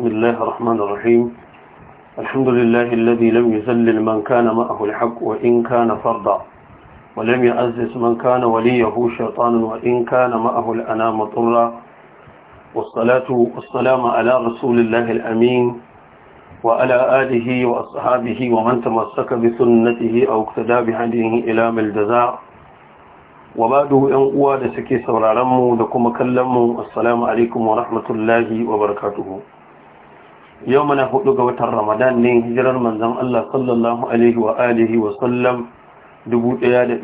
بسم الله الرحمن الرحيم الحمد لله الذي لم يذلل من كان معه الحق وإن كان فرضا ولم يعزز من كان وليه شيطانا وإن كان معه الأنام طرا والصلاة والسلام على رسول الله الأمين وعلى آله وأصحابه ومن تمسك بسنته أو اقتدى بهديه إلى ملجزاء وبعد أن أواد سكي رمو لكم كلمو السلام عليكم ورحمة الله وبركاته yau mana hudu ga watan ramadan ne hijirar manzan Allah sallallahu alaihi wa alihi wa sallam 1441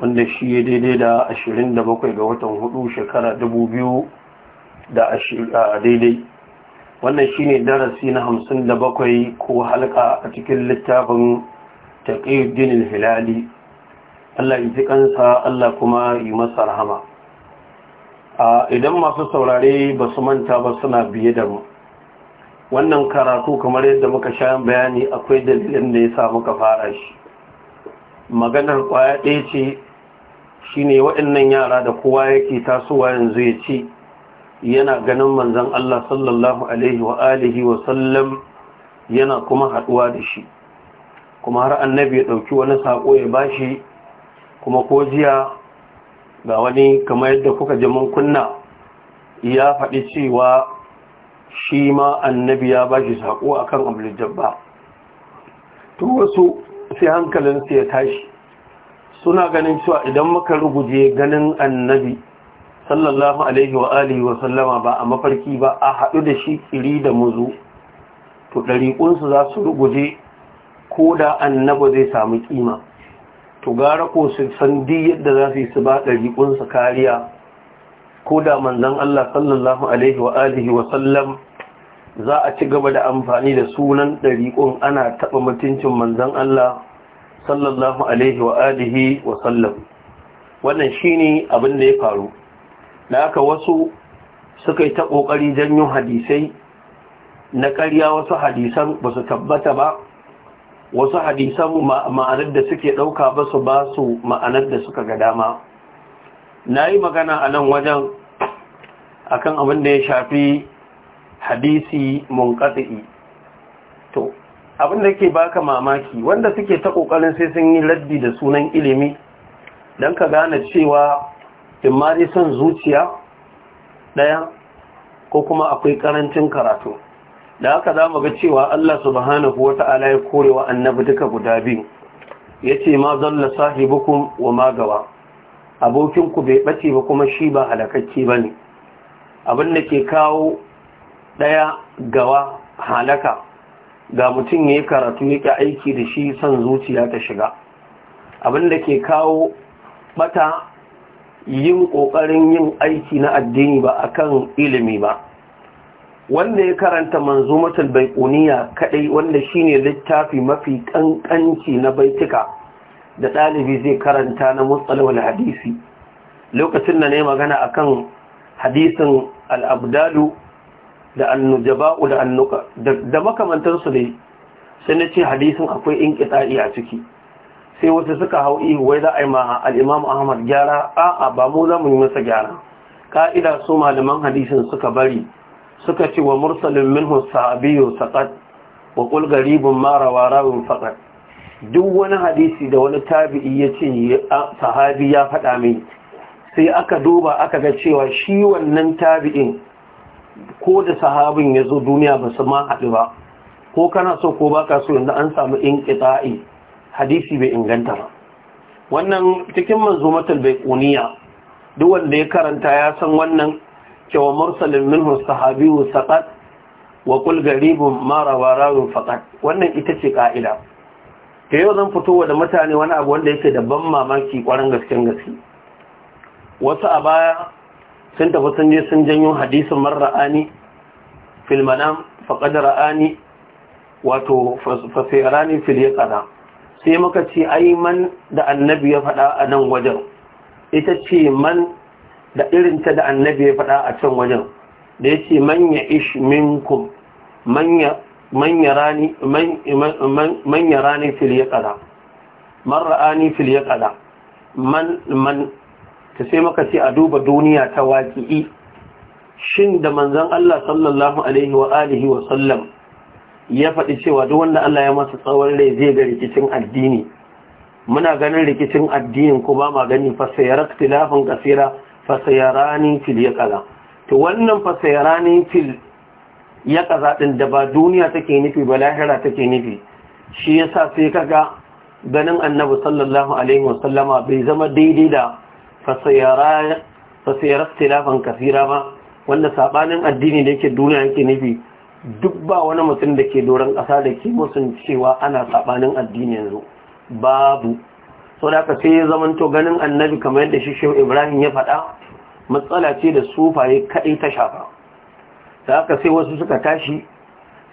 wanda shi ya daidai da 27 ga watan hudu shekara 2000 da daidai wannan shi ne darasi na 57 ko halka a cikin littafin taƙiyar dinin hilali Allah ya ji ƙansa, Allah kuma yi masa rahama idan masu saurare ba su manta ba suna biye da mu wannan karatu kamar yadda muka sha bayani akwai dalilin da ya sa muka fara shi maganar kwaya ɗaya ce shine waɗannan yara da kowa yake tasowa yanzu ya ce yana ganin manzon Allah sallallahu alaihi wa alihi wa sallam yana kuma haɗuwa da shi kuma har annabi ya ɗauki wani saƙo ya bashi kuma ko jiya ga wani kamar yadda kuka ji mun kunna ya faɗi cewa shi ma annabi ya ba shi saƙo a kan abdul to wasu sai hankalinsu ya tashi suna ganin cewa idan muka ruguje ganin annabi sallallahu alaihi wa alihi wa sallama ba a mafarki ba a haɗu da shi ƙiri da muzu to ɗariƙunsu za su ruguje ko da annabi zai samu ƙima to gara ko su san di yadda za su yi su ba ɗariƙunsa kariya ko da manzan Allah sallallahu alaihi wa alihi wa za a ci gaba da amfani da sunan ɗariƙun ana taɓa mutuncin manzan Allah sallallahu alaihi wa alihi wa sallam wannan shine abin da ya faru da aka wasu suka yi ta ƙoƙari janyo hadisai na ƙarya wasu hadisan ba su tabbata ba wasu hadisan ma'anar da suke ɗauka ba su ba su ma'anar da suka ga dama na yi magana a nan wajen akan abin da ya shafi hadisi mun munkatsi to abin da ke baka mamaki wanda suke ta ƙoƙarin sai sun yi laddi da sunan ilimi don ka gane cewa in son zuciya ɗaya ko kuma akwai ƙarancin karatu da haka za mu ga cewa Allah subhanahu wa ta'ala ya kore wa annabi duka guda biyu ya ce ma zalla sahibukum wa magawa abokinku bai ɓace ba kuma shi ba halakacce ba ne abin da ke kawo ɗaya gawa halaka ga mutum ya yi karatu yake aiki da shi son zuciya ta shiga abin da ke kawo ɓata yin ƙoƙarin yin aiki na addini ba akan ilimi ba wanda ya karanta manzumatul baikuniya kadai wanda shine littafi mafi kankanci na baitika da ɗalibi zai karanta na mustalahul hadisi lokacin da ne magana akan hadisin al-abdalu da annujaba'u da annuka da makamantar ne sai na ce hadisin akwai in inqita'i a ciki sai wasu suka hau ihu wai za a yi ma al-imam Ahmad gyara a'a ba mu za mu yi masa gyara ka'ida su malaman hadisin suka bari suka ce wa mursalin minhu sahabiyu saqat wa qul garibun ma rawarawun faqat duk wani hadisi da wani tabi'i ya ce sahabi ya faɗa mai sai aka duba aka ga cewa shi wannan tabi'in ko da sahabin ya zo duniya ba su ma haɗu ba ko kana so ko ba ka so yanzu an samu in ƙita'i hadisi bai inganta ba wannan cikin matal bai ƙuniya duk wanda ya karanta ya san wannan cewa mursalin minhu sahabiyu saqat wa qul garibun ma rawarawun faqat wannan ita ce ka'ida ta yau zan wa da mutane wani abu wanda yake da ban mamaki kwarin gasken gaske wasu a baya sun tafi sun je sun janyo hadisin marra'ani fil manam faqad ra'ani wato fasirani fil yaqada sai muka ce ai man da annabi ya faɗa a nan wajen ita ce man da irin ta da annabi ya faɗa a can wajen da ya ce manya ish minkum manya rani man ya man man man ra'ani fil man man ta sai maka ce a duba duniya ta waƙi'i shin da manzan Allah sallallahu alaihi wa alihi wa sallam ya faɗi cewa duk wanda Allah ya masa tsawon rai zai ga rikicin addini muna ganin rikicin addinin ko ba ma gani fa sai raktilafin kasira fasayarani fil ya kaza to wannan fasayarani fil ya kaza ɗin da ba duniya take nufi ba lahira take nufi shi yasa sai kaga ganin annabi sallallahu alaihi wasallama bai zama daidai da fasayara fasayara kafira ba wanda sabanin addini da yake duniya yake nufi duk ba wani mutum da ke doron ƙasa da ke musun cewa ana sabanin addini yanzu babu sau da aka sai ya zamanto ganin annabi kamar yadda shi shehu ibrahim ya faɗa matsala ce da sufaye kaɗai ta shafa da aka sai wasu suka tashi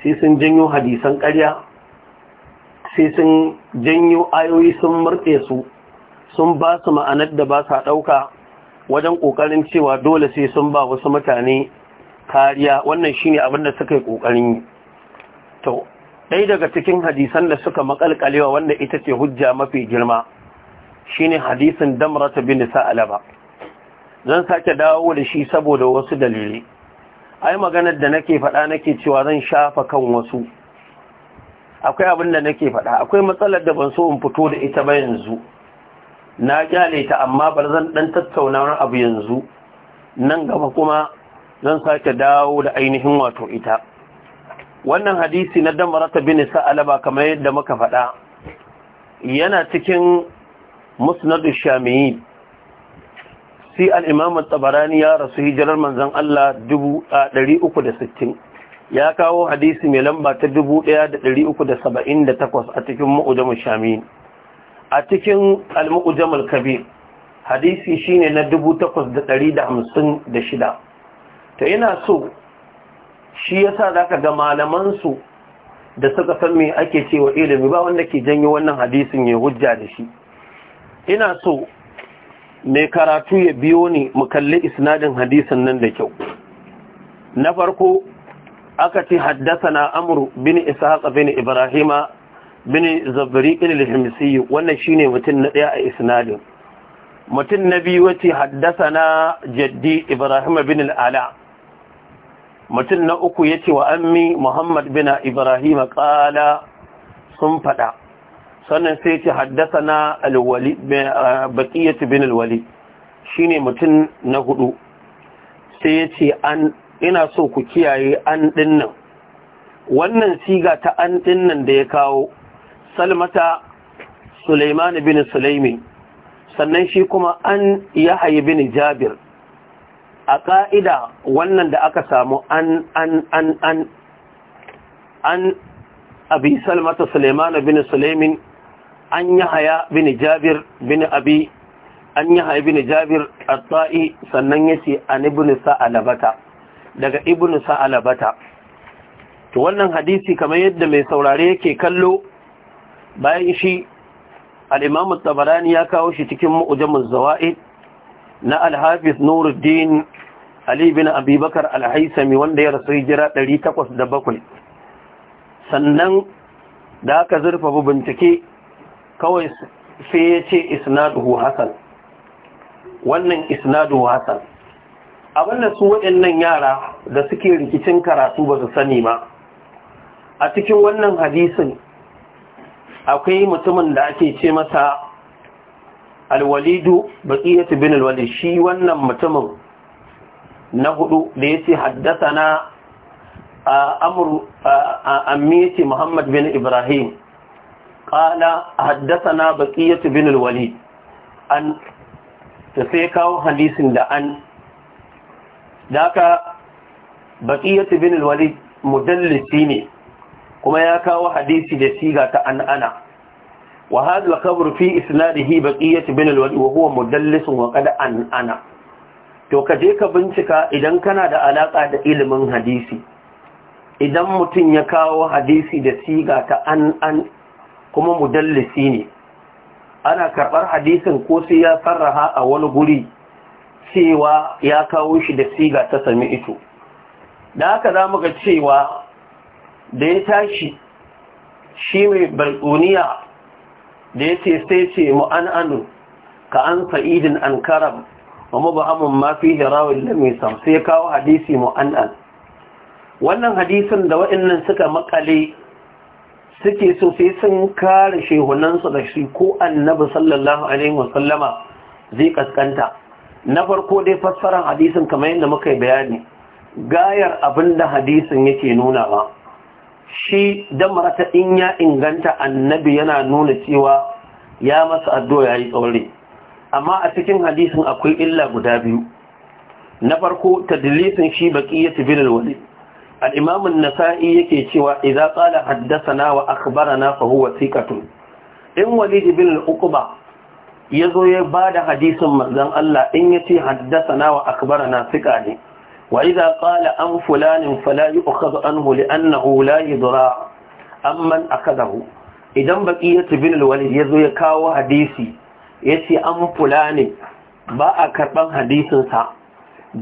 sai sun janyo hadisan ƙarya sai sun janyo ayoyi sun murɗe su sun ba su ma'anar da ba sa ɗauka wajen ƙoƙarin cewa dole sai sun ba wasu mutane kariya wannan shine abin da suka yi ƙoƙarin yi to ɗaya daga cikin hadisan da suka maƙalƙalewa wanda ita ce hujja mafi girma shine hadisin damrata bin sa'alaba zan sake dawo da shi saboda wasu dalilai ai maganar da nake faɗa nake cewa zan shafa kan wasu akwai abin da nake faɗa akwai matsalar da ban so in fito da ita ba yanzu na kyale ta amma bar zan dan tattauna wani abu yanzu nan gaba kuma zan sake dawo da ainihin wato ita wannan hadisi na damrata bin sa'alaba kamar yadda muka faɗa yana cikin musnad shamiyi sai al'imam tabarani ya rasu hijirar Manzon Allah 360 ya kawo hadisi mai lamba ta 1378 a cikin ma'ujamun shamiyi a cikin al-ma'ujamun kabir hadisi shine na shida, ta ina so shi yasa zaka ga malamansu da suka san me ake cewa ilimi ba wanda ke janyo wannan hadisin ya hujja da shi ina so mai karatu ya biyo ni mu kalli isnadin hadisin nan da kyau na farko aka ce na amru bin ishaq bin ibrahima bin zabari bin himsi wannan shine mutum na daya a isnadin mutum na biyu wace na jaddi ibrahima bin al'ala mutum na uku ya ce wa ammi muhammad bin ibrahima kala sun fada sannan sai ce haddasa na baƙiyyatu bin alwali shi ne mutum na hudu sai ya ce an ina so ku kiyaye an dinnan wannan siga ta an dinnan da ya kawo salmata suleiman bin suleimi sannan shi kuma an haye bin jabir a ƙa'ida wannan da aka samu an an an an an abi salmata suleiman bin suleimi an yi yahaya Bini jabir bin abi an yi yahaya Bini jabir at sannan sannan yace an ibn sa'alabata daga ibn sa'alabata to wannan hadisi kamar yadda mai saurare yake kallo bayan shi al-imam tabarani ya kawo shi cikin mu'jamuz zawaid na al-hafiz nuruddin ali bin abi bakar al-haisami wanda ya rasu hijira 807 sannan da aka zurfafa bincike kawai sai ya ce isnaduhu hasan wannan isnaduhu hasan abinda su waɗannan yara da suke rikicin karatu ba su sani ba. a cikin wannan hadisin akwai mutumin da ake ce masa alwalidu baqiyatu bin alwalid shi wannan mutumin na hudu da yace haddathana a ammi muhammad bin ibrahim قال حدثنا بقية بن الوليد أن an حديث لأن kawo hadisin da an daka baqiyat bin al-walid mudallisi ne kuma ya kawo hadisi da siga ta an ana وهذا الخبر في إسناده بقية بن الوليد وهو مدلس وقد أن أنا to ka je ka bincika idan kana da alaka da ilimin hadisi idan mutum ya kawo hadisi da siga ta an an kuma mudallisi ne ana karɓar hadisin ko sai ya sarraha a wani guri cewa ya kawo shi da siga ta sami ito da haka za mu ga cewa da ya tashi shi mai balkoniya da ya ce sai ce anu ka an sa'idin an karam wa ba amin mafi hirawin lamisam sai kawo hadisi mu mu'an'an wannan hadisin da waɗannan suka makale suke so sai sun kare shehunansu da shi ko annabi sallallahu alaihi wasallama zai kaskanta na farko dai fassarar hadisin kamar yadda muka yi bayani gayar abinda da hadisin yake nuna ba shi damar marata in ya inganta annabi yana nuna cewa ya masa addu'a yayi yi amma a cikin hadisin akwai illa guda biyu na farko tadlisin shi baqiyatu bil walid الإمام النسائي يكي تشوى إذا قال حدثنا وأخبرنا فهو ثقة إن وليد بن الأقبة يزوي بعد حديث مزان الله إن يتي حدثنا وأخبرنا ثقة وإذا قال أن فلان فلا يؤخذ عنه لأنه لا يدرى أمن أخذه idan baqiyatu bin al-walid yazo ya kawo hadisi yace an fulani ba a karban hadisin sa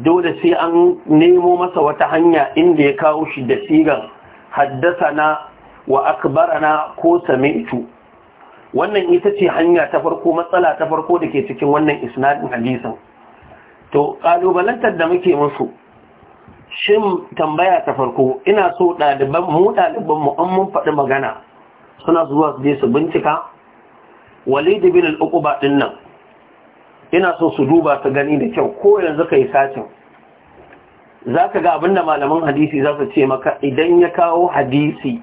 dole sai an nemo masa wata hanya inda ya kawo shi da sigan haddasana wa akbarana ko sami'tu wannan ita ce hanya ta farko matsala ta farko da ke cikin wannan isnadin hadisin to kalubalantar da muke musu shin tambaya ta farko ina so ɗaliban mu ɗaliban mu an mun faɗi magana suna zuwa su je su bincika walid bin al-uqba din nan Yana so su duba su gani da kyau ko yanzu ka yi sacin za ka ga abinda malaman hadisi za su ce maka idan ya kawo hadisi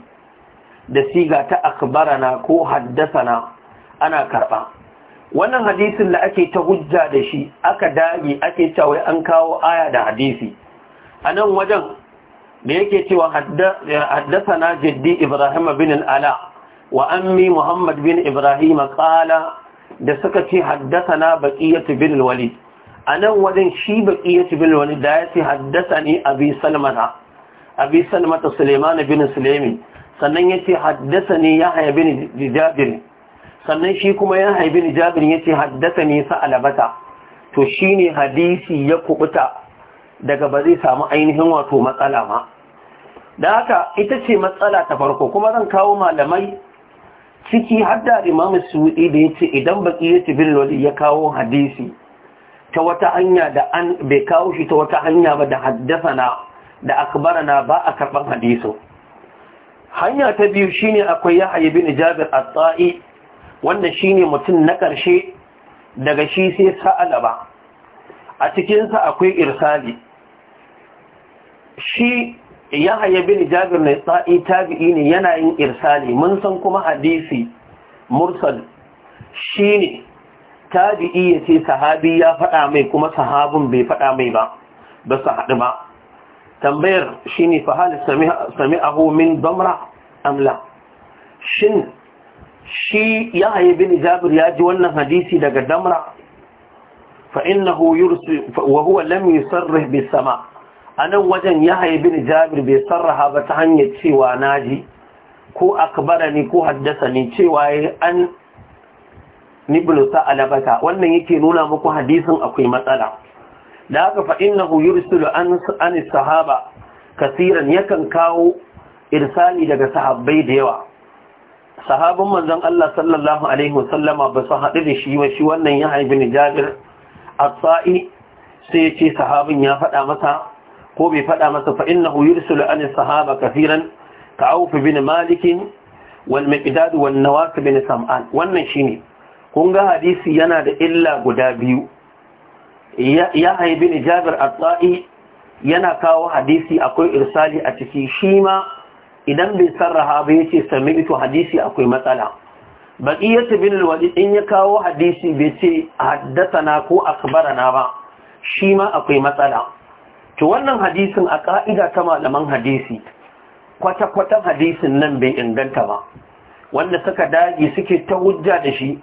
da siga ta akbarana ko haddasana ana karɓa wannan hadisin da ake ta hujja da shi aka dage ake cewa an kawo aya da hadisi a nan wajen da yake cewa haddasana jaddi ibrahim bin ala wa ammi muhammad bin ibrahim kala da suka ce haddasa haddasana baqiyatu bin A nan wajen shi baqiyatu bin wani da ya ce haddasa a abi salmata abi salmata suleiman bin sulemi sannan ya ce yace haddasani yahya bin jabir sannan shi kuma ya ya bin jabir ne sa alabata to shi ne hadisi ya kubuta daga ba zai samu ainihin wato matsala ma da haka ita ce matsala ta farko kuma zan kawo malamai ciki hadda imam suwudi da ya ce idan baki ya ci ya kawo hadisi ta wata hanya da an bai kawo shi ta wata hanya ba da haddasa na da na ba a karban hadisu hanya ta biyu shine akwai yahya bin jabir a tsa'i, wanda shine mutum na ƙarshe daga shi sai sa'ala ba a cikinsa akwai irsali shi yahaya bin jabir ne sa'i tabi'i ne yana yin irsali mun san kuma hadisi mursal shine tabi'i ya sahabi ya faɗa mai kuma sahabin bai faɗa mai ba ba su haɗu ba tambayar shine fa hal sami'ahu min damra amla shin shi yahaya bin jabir ya ji wannan hadisi daga damra fa innahu yursi wa huwa lam yusarrih bis sama' a nan wajen ya haibi ni jabir bai sarraha ba ta hanyar cewa naji ko akbara ne ko haddasa ne cewa ya an nibulu sa'alabata wannan yake nuna muku hadisin akwai matsala da haka fa'in na yursilu an an sahaba kasiran yakan kawo irsali daga sahabbai da yawa Sahabin manzon Allah sallallahu alaihi wasallama ba su haɗu da shi shi wannan ya haibi ni Jabir a sai sai ya ce sahabin ya faɗa masa ko bai faɗa masa fa innahu yursilu an sahaba kafiran ka auf bin malik wal miqdad wal nawas bin sam'an wannan shine kun ga hadisi yana da illa guda biyu ya haibi ni jabir at-ta'i yana kawo hadisi akwai irsali a ciki shi ma idan bai sarraha ba yace sami'tu hadisi akwai matsala baqiyatu bin al-walid in ya kawo hadisi bai ce haddathana ko akhbarana ba shi ma akwai matsala to wannan hadisin a ƙa'ida ta malaman hadisi kwata-kwatan hadisin nan bai inganta ba wanda suka dage suke ta hujja da shi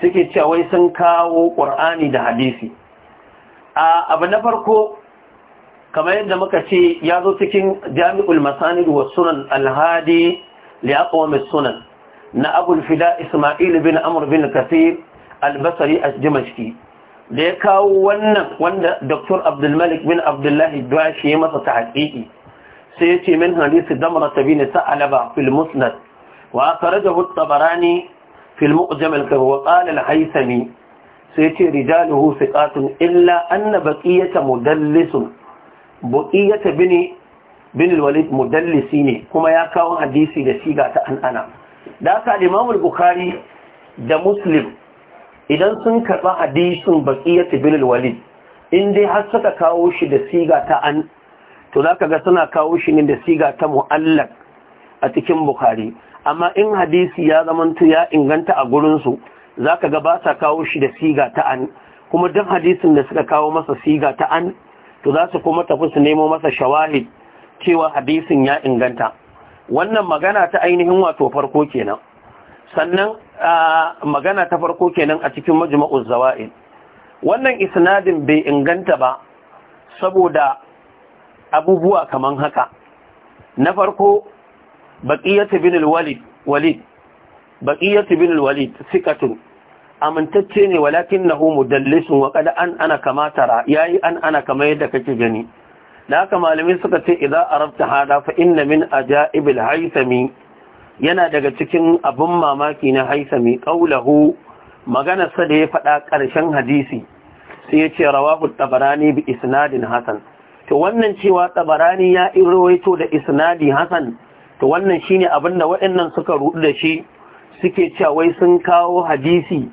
suke cewa wai sun kawo ƙur'ani da hadisi a abu na farko kamar yadda muka ce ya zo cikin jami'ul masanid wa sunan alhadi liaqwamis sunan na abul fida isma'il bin Amur bin kasir albasari a jimashki da ya kawo wannan wanda Dr. Abdulmalik bin Abdullahi Duwashi ya masa ta haƙiƙi sai ya ce min hadisi damra sabi ne sa'alaba fil musnad wa aka raja hutsa barani fil mu'jamal kai wa ƙalil haisami sai ya ce rijaluhu siqatun illa anna baqiyata mudallisun baqiyata bini bin walid mudallisi ne kuma ya kawo hadisi da siga ta an ana da haka Imam Bukhari da Muslim idan sun karɓi hadisin baqiyatu bil walid in dai har suka kawo shi da siga ta an to zaka ga suna kawo shi ne da siga ta mu'allaq a cikin bukhari amma in hadisi ya zamanto ya inganta a gurin su zaka ga ba sa kawo shi da siga ta an kuma duk hadisin da suka kawo masa siga ta an to za su kuma tafi su nemo masa shawahid cewa hadisin ya inganta wannan magana ta ainihin wato farko kenan sannan magana ta farko kenan a cikin majma'uz zawa'il wannan isnadin bai inganta ba saboda abubuwa kaman haka na farko baqiyatu bin al-walid walid baqiyatu bin al-walid thiqatun amintacce ne walakin walakinahu mudallisun wa qad an ana kama tara yayi an ana kama yadda kake gani da haka malamai suka ce idza arabta hada fa inna min aja'ibil haythami yana daga cikin abin mamaki na haisami ƙaulahu maganarsa da ya faɗa ƙarshen hadisi sai ya ce rawahu tabarani bi isnadin hasan to wannan cewa tabarani ya irwaito da isnadi Hassan, to wannan shine abin da waɗannan suka rudu da shi suke cewa wai sun kawo hadisi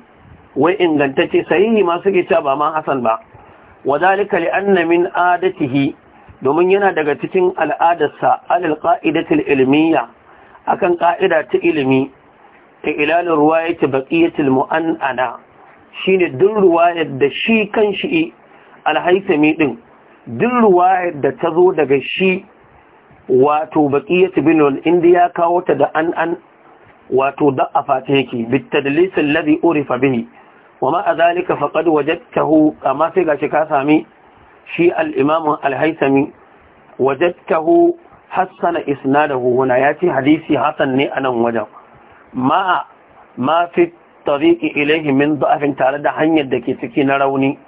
wai ingantacce sahihi ma suke cewa ba ma hasan ba wadalika li'anna min adatihi domin yana daga cikin al'adarsa alal qa'idatil ilmiyya akan ka'ida ta ilimi ta ilalin ruwayati baqiyatul mu'annana shine dun ruwayar da shi kan shi alhaisami ɗin dun ruwayar da ta zo daga shi wato baqiyatu bin inda ya kawo ta da an an wato da'afa ta yake bitadlis alladhi urifa bihi wama zalika faqad wajadtahu amma sai gashi ka sami shi al-imam al taho. hassana da huhuna ya ce hadisi Hassan ne a nan wajen Ma'a mafi fi tariqi min da'afin tare da hanyar da ke ciki na rauni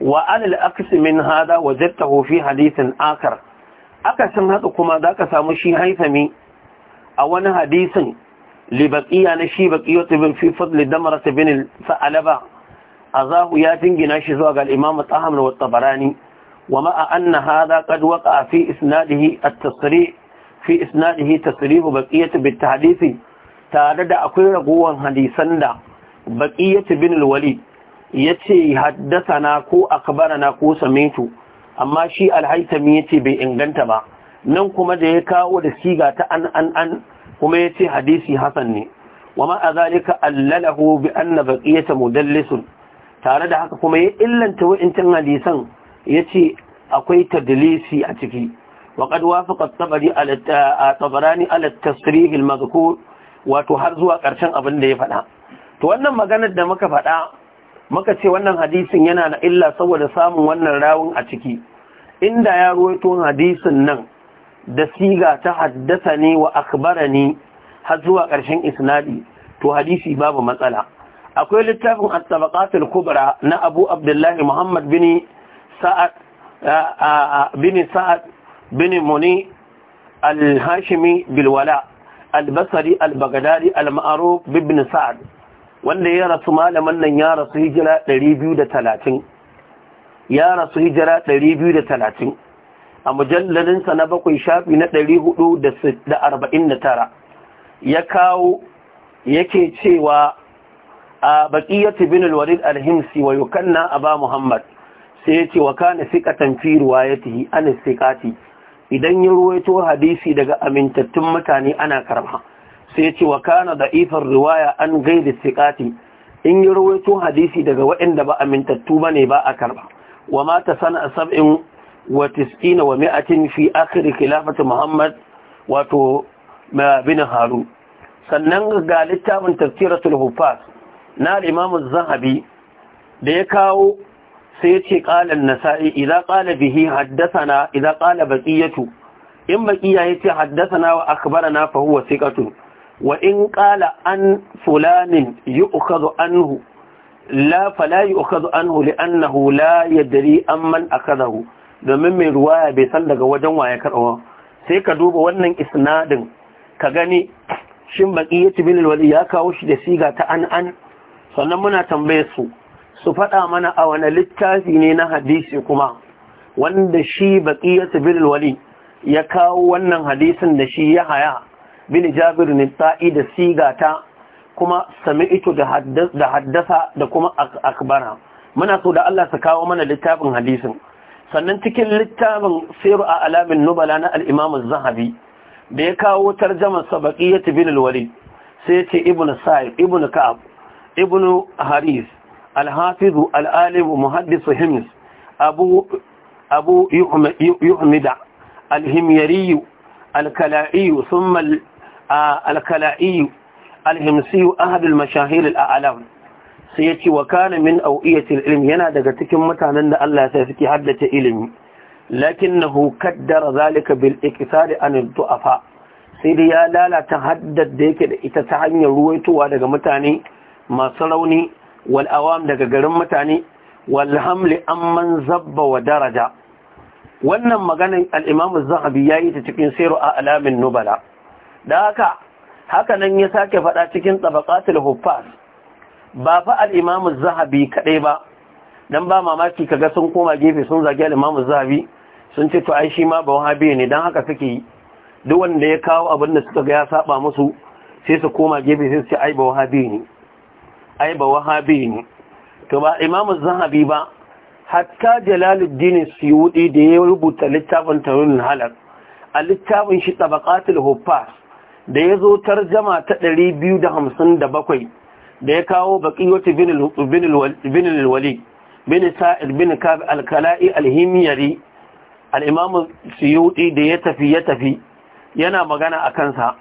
wa alal aksi min hada wajen fi hadisin akar akasin haka kuma za ka samu shi haifami a wani hadisin libaqiya na shi baqiyatu bin fi fadli damrat bin sa'alaba azahu ya jingina shi zuwa ga al-imam Ahmad ومع أن هذا قد وقع في إسناده التصريح في إسناده تصريح بقية بالتحديث تارد أكوير قوة حديثا دا بقية بن الوليد يتي حدثنا كو أخبرنا كو سميتو أما شيء الحيثمي يتي بإنغنتبا ننكم ديكا ودسيغة أن أن أن كما يتي حديثي حسني وما ذلك ألله بأن بقية مدلس تارد حقا كما يإلا انتوى انتنا حديثا Ya ce akwai tadilisi a ciki وقد وافق الطبري على الطبراني على التصريح wato har zuwa ƙarshen abin da ya faɗa to wannan maganar da muka faɗa muka ce wannan hadisin yana da illa saboda samun wannan rawun a ciki inda ya ruwaito hadisin nan da siga ta haddasa ne wa ne har zuwa ƙarshen isnadi to hadisi babu matsala akwai littafin at-tabaqatul kubra na Abu Abdullahi Muhammad bin سعد بن سعد بن muni الهاشمي بالولاء البصري البغدادي المعروف بابن سعد wanda ya rasu malaman nan ya rasu hijira 230 ya rasu hijira 230 a mujalladinsa na bakwai shafi na 449 ya kawo yake cewa a baqiyatu bin al-walid al-himsi wa yukanna aba muhammad sai ya ce wa kana siƙatan fi ruwayatihi an sikati idan ya ruwaito hadisi daga amintattun mutane ana karba sai ya ce wa kana da'ifar riwaya an gaida sikati in ya ruwaito hadisi daga waɗanda ba amintattu ba ne ba a karba wa mata sana sab'in wa tis'ina wa mi'atin fi akhir khilafati muhammad wato bin haru sannan ga littafin tafsiratul hufaz na al-imam az-zahabi da ya kawo sai ce kalan na nasai idza qala bihi haddathana idza qala baqiyatu in baqiya yace haddathana wa akhbarana fa huwa thiqatu wa in qala an fulanin yu'khadhu anhu la fala yu'khadhu anhu li'annahu la yadri amman akadahu domin mai ruwa ya bai san daga wajen waye karawa sai ka duba wannan isnadin ka gani shin baqiyatu bil wali ya kawo shi da siga ta an an sannan muna tambaye su su faɗa mana a wani littafi ne na hadisi kuma wanda shi baqiyatu bil wali ya kawo wannan hadisin da shi ya haya bin jabir ne Sa'i da Siga ta, kuma ito da haddasa da kuma akbara muna so da Allah su kawo mana littafin hadisin sannan cikin littafin siru a alamin nubala na al'imamu zahabi da ya kawo tarjamar sabaƙiyyar bin alwali sai ce ibn sa'ib ibn ka'ab ibn haris الحافظ العالم محدث همس أبو أبو يحمد الهميري الكلائي ثم الكلائي الهمسي أحد المشاهير الأعلام سيتي وكان من أوئية العلم ينا دقتكم متانا الله سيفتي حدة علم لكنه كدر ذلك بالإكثار عن الضعفاء سيدي يا لا لا تهدد ديك إتتعني رويتوا دقى متاني ما صلوني wal daga garin mutane wal hamli man zabba wa daraja wannan maganin al-imam az-zahabi yayi ta cikin a alamin nubala da haka haka nan ya sake faɗa cikin tabaqatul huffaz ba fa al zahabi kadai ba dan ba mamaki kaga sun koma gefe sun zagi al zahabi sun ce to ai shi ma ba wahabi ne dan haka suke yi duk wanda ya kawo abin da suka ga ya saba musu sai su koma gefe sai su ce ai ba wahabi ne ai ba wahabi ne to ba imamu zahabi ba hatta jalaluddin suyudi da ya rubuta littafin tarun halak a littafin shi tabaqatul huffaz da ya zo tarjama ta 257 da ya kawo baqiyatu bin al-wali bin sa'id bin kab al-kala'i al-himyari al-imam suyudi da ya tafi ya tafi yana magana a kansa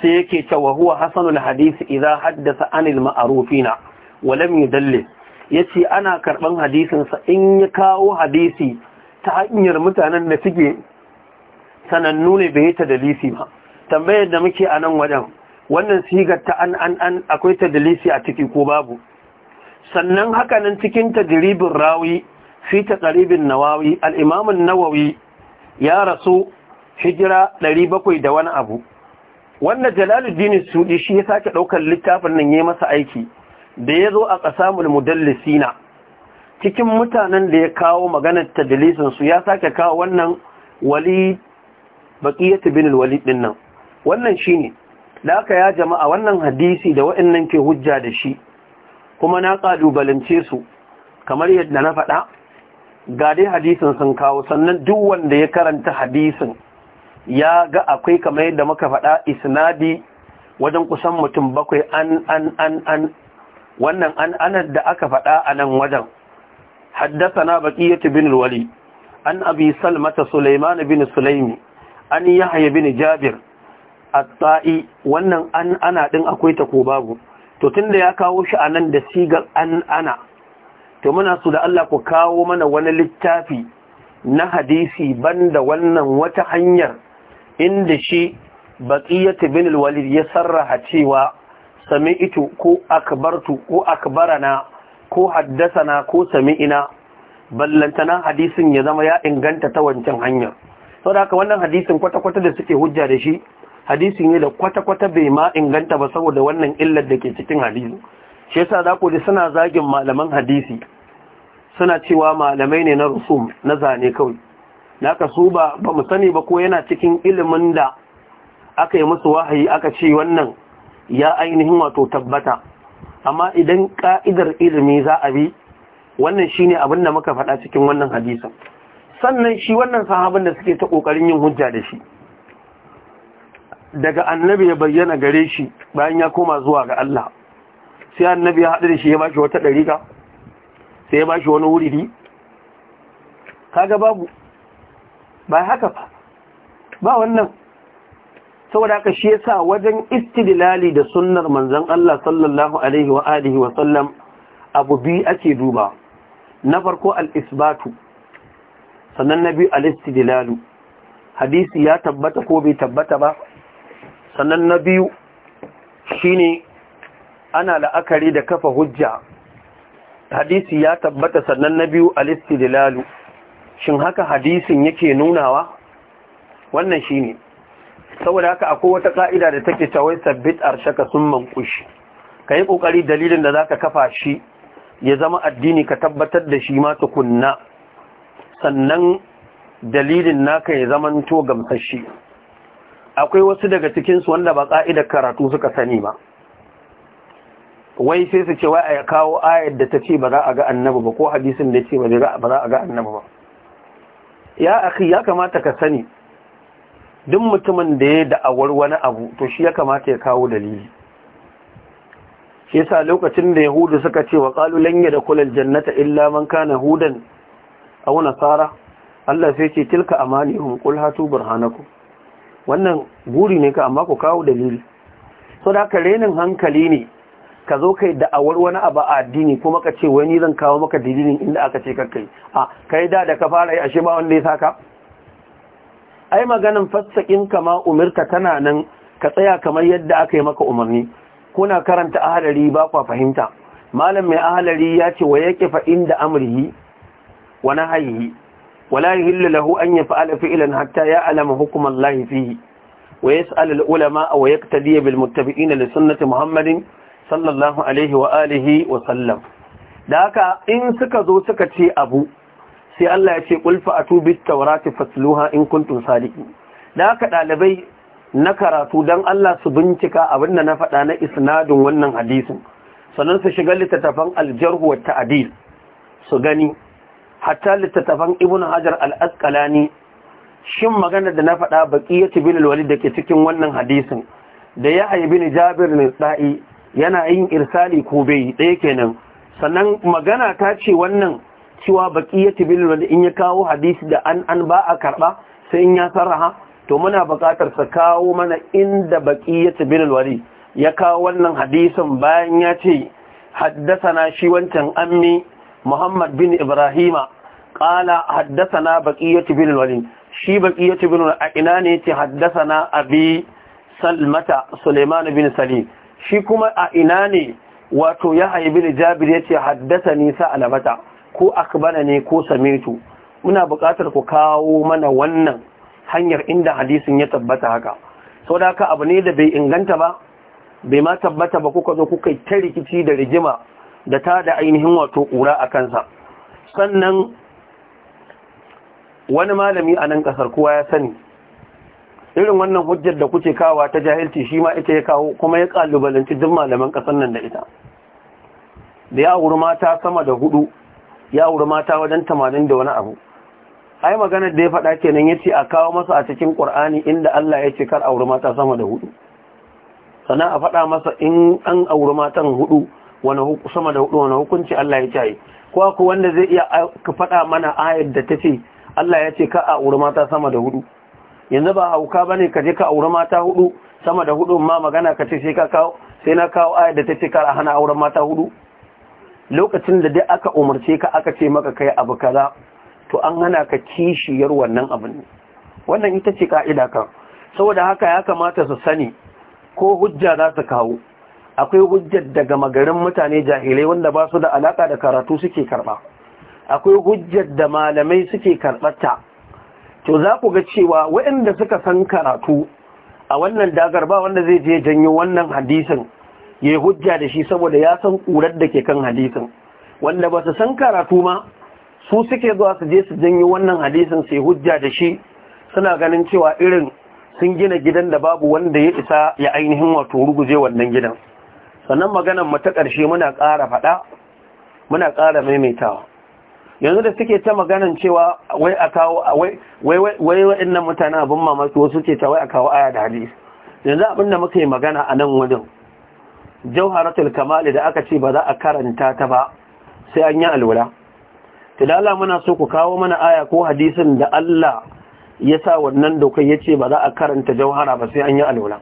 sai yake cewa huwa hasanul hadith idza haddasa anil ma'rufina wa lam ya yace ana karban hadisin sa in ya kawo hadisi ta hanyar mutanen da suke sanannu ne bai ta dalisi ba tambayar da muke a nan wajen wannan sigar ta an an an akwai ta dalisi a ciki ko babu sannan hakanan cikin tadribin rawi fi qaribin nawawi al-imam an-nawawi ya rasu hijira 700 da wani abu wanda jalaluddin sudi shi ya sake daukar littafin nan yayi masa aiki da yazo a qasamul mudallisina cikin mutanen da ya kawo maganar tadlisin su ya sake kawo wannan wali baqiyatu bin al-walid din nan wannan shine da aka ya jama'a wannan hadisi da wa'annan ke hujja da shi kuma na kalubalance su kamar yadda na faɗa ga dai hadisin sun kawo sannan duk wanda ya karanta hadisin ya ga akwai kamar yadda muka faɗa isnadi wajen kusan mutum bakwai an an an an wannan an anar da aka faɗa a nan wajen na baqiyatu bin al-wali an abi salmata sulaiman bin sulaimi an yahya bin jabir at-ta'i wannan an ana din akwai ta ko babu to tunda ya kawo shi a nan da sigar an ana to muna su da Allah ku kawo mana wani littafi na hadisi banda wannan wata hanyar inda shi baqiyatu bin al-walid ya sarraha cewa sami'tu ko akbartu ko akbarana ko na ko sami'ina ballantana hadisin ya zama ya inganta ta wancan hanyar saboda haka wannan hadisin kwata-kwata da suke hujja da shi hadisin ya da kwata-kwata bai ma inganta ba saboda wannan illar da ke cikin hadisi shi yasa za ku ji suna zagin malaman hadisi suna cewa malamai ne na rusum na zane kawai naka su ba ba mu sani ba ko yana cikin ilimin da aka yi musu wahayi aka ce wannan ya ainihin wato tabbata amma idan ka'idar ilimi za a bi wannan shi abin da muka faɗa cikin wannan hadisin sannan shi wannan sahabin da suke ta kokarin yin hujja da shi daga annabi ya bayyana gare shi bayan ya koma zuwa ga Allah sai annabi ya haɗu da shi ya ba shi wata ɗariƙa sai ya ba shi wani wuridi kaga babu ba haka fa ba wannan saboda haka shi yasa wajen istidlali da sunnar manzon Allah sallallahu alaihi wa alihi wa sallam abu bi ake duba na farko al-isbatu sannan na biyu al-istidlalu hadisi ya tabbata ko bai tabbata ba sannan na biyu shine ana la'akari da kafa hujja hadisi ya tabbata sannan na biyu al-istidlalu shin haka hadisin yake nunawa wannan shi ne. saboda haka akwai wata ƙa'ida da take cewa sabbit arshaka sun mankushi ka yi ƙoƙari dalilin da za ka kafa shi ya zama addini ka tabbatar da shi ma tukunna sannan dalilin naka ya zama to gamsashi akwai wasu daga cikinsu wanda ba ƙa'idar karatu suka sani ba wai sai su ce wai a kawo ayar da ta ce ba za a ga annabi ba ko hadisin da ce ba za a ga annabi ba ya akhi ya kamata ka sani duk mutumin da ya da'awar wani abu to shi ya kamata ya kawo dalili shi yasa lokacin da yahudu suka ce wa qalu lan kulal jannata illa man kana hudan aw nasara Allah sai ce tilka amanihum qul hatu burhanakum wannan buri ne ka amma ku kawo dalili so da renin hankali ne ka zo kai da awar wani abu a addini kuma ka ce wani zan kawo maka dalilin inda aka ce kakkai a kai da da ka fara yi ashe ba wanda ya saka ai maganin fassakin kama umirta tana nan ka tsaya kamar yadda aka yi maka umarni kuna karanta ahalari ba kwa fahimta malam mai ahalari ya ce wa yake fa inda amrihi wa nahyihi wala yahillu lahu an yaf'ala fi'lan hatta ya'lama hukm Allah fihi wa yas'al al-ulama wa yaqtadi bil muttabi'ina li sunnati Muhammadin sallallahu alaihi wa alihi wa sallam da haka in suka zo suka ce abu sai Allah ya ce kulfa a bit tawrati fasluha in kuntum sadiqin da haka dalibai na karatu dan Allah su bincika abin da na faɗa na isnadin wannan hadisin sannan su shiga littattafan aljarh wa ta'dil su gani hatta littattafan ibnu hajar al-asqalani shin magana da na faɗa baqiyatu bin al-walid dake cikin wannan hadisin da ya haibi ni jabir ne sa'i yana yin irsali ko bai ɗaya kenan sannan magana ta ce wannan cewa baki ya tibil in ya kawo hadisi da an an ba a karɓa sai in ya sarraha to muna bukatar sa kawo mana inda baki ya tibil wari ya kawo wannan hadisin bayan ya ce na shi wancan ammi Muhammad bin Ibrahima qala baki ya bin walid shi baqiyatu bin a ina ne ce na abi salmata Suleiman bin Salim shi kuma a ina ne wato ya da jabir ya ce haddasa nisa alabata ko akbana ne ko Samitu? muna buƙatar ku kawo mana wannan hanyar inda hadisin ya tabbata haka sau da haka abu ne da bai inganta ba bai ma tabbata ba kuka zo kuka ta rikici da rigima da ta da ainihin wato ƙura a kansa sannan wani malami a nan ƙasar kowa ya sani irin wannan hujjar da kuke kawa ta jahilci shi ma ita ya kawo kuma ya kalubalanci duk malaman kasan nan da ita da ya wuri mata sama da hudu ya wuri mata wajen tamanin da wani abu ai magana da ya faɗa kenan yace a kawo masa a cikin Qur'ani inda Allah ya ce kar aure mata sama da hudu sannan a faɗa masa in an aure matan hudu wani sama da hudu wani hukunci Allah ya ce ko ku wanda zai iya ka faɗa mana ayar da tace Allah ya ce ka aure mata sama da hudu yanzu ba hauka ba ne ka je ka aure mata hudu sama da hudu ma magana ka ce sai ka kawo sai na kawo ayar da ta ce kar a hana auren mata hudu lokacin da dai aka umarce ka aka ce maka kai abu kaza to an hana ka kishiyar wannan abin wannan ita ce ka'ida kan saboda haka ya kamata su sani ko hujja za su kawo akwai hujjar daga magarin mutane jahilai wanda ba su da alaka da karatu suke karba akwai hujjar da malamai suke karɓarta to za ku ga cewa waɗanda suka san karatu a wannan dagar ba wanda zai je janyo wannan hadisin ya hujja da shi saboda ya san ƙurar da ke kan hadisin wanda ba su san karatu ma su suke zuwa su je su janyo wannan hadisin sai hujja da shi suna ganin cewa irin sun gina gidan da babu wanda ya isa ya ainihin wato ruguje wannan gidan sannan maganan mu ta ƙarshe muna ƙara faɗa muna ƙara maimaitawa yanzu da suke ta maganan cewa wai a kawo wai wai mutane abin mamaki wasu ce ta wai a kawo aya da hadisi yanzu abin da muka yi magana a nan wajen jauharatul kamali da aka ce ba za a karanta ta ba sai an yi alwala to da Allah muna so ku kawo mana aya ko hadisin da Allah ya sa wannan dokar ya ce ba za a karanta jauhara ba sai an yi alwala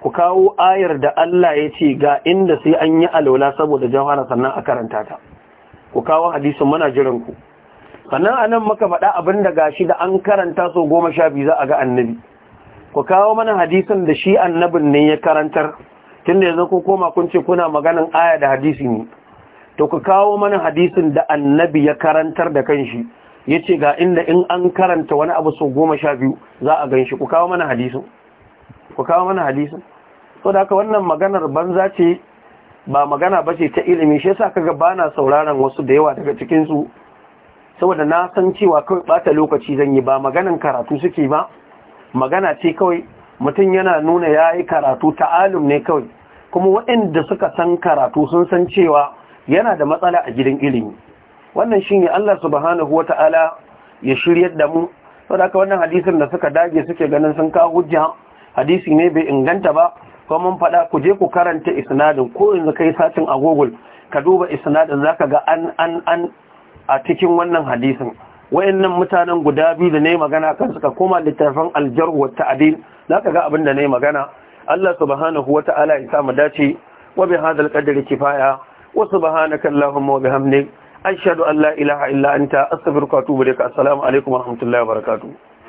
ku kawo ayar da Allah ya ce ga inda sai an yi alwala saboda jauhara sannan a karanta ta ku kawo hadisin muna jiran ku sannan anan muka faɗa abin da gashi da an karanta so goma sha biyu za a ga annabi ku kawo mana hadisin da shi annabin ne ya karantar tun da yanzu ko koma kun ce kuna maganin aya da hadisi ne to ku kawo mana hadisin da annabi ya karantar da kanshi ya ce ga inda in an karanta wani abu so goma sha biyu za a gan ku kawo mana hadisin ku kawo mana hadisin so da haka wannan maganar banza ce ba magana ba ce ta ilimi shi yasa kaga bana sauraron wasu da yawa daga cikin su saboda na san cewa kawai bata lokaci zan yi ba maganan karatu suke ba magana ce kawai mutum yana nuna yayi karatu ta ta'alum ne kawai kuma waɗanda suka san karatu sun san cewa yana da matsala a gidan ilimi wannan shine Allah subhanahu wata'ala ya shiryar da mu saboda wannan hadisin da suka dage suke ganin sun kawo hujja hadisi ne bai inganta ba ko mun faɗa ku je ku karanta isnadin ko yanzu kai satin a google ka duba isnadin zaka ga an an an a cikin wannan hadisin wayannan mutanen guda biyu da ne magana kan suka koma littafin aljarh wa ta'dil zaka ga abin da ne magana Allah subhanahu wa ta'ala ya sa mu dace wa bi hadal qadri kifaya wa subhanaka allahumma wa bihamdika ashhadu an la ilaha illa anta astaghfiruka wa atubu ilaik assalamu alaikum wa rahmatullahi wa barakatuh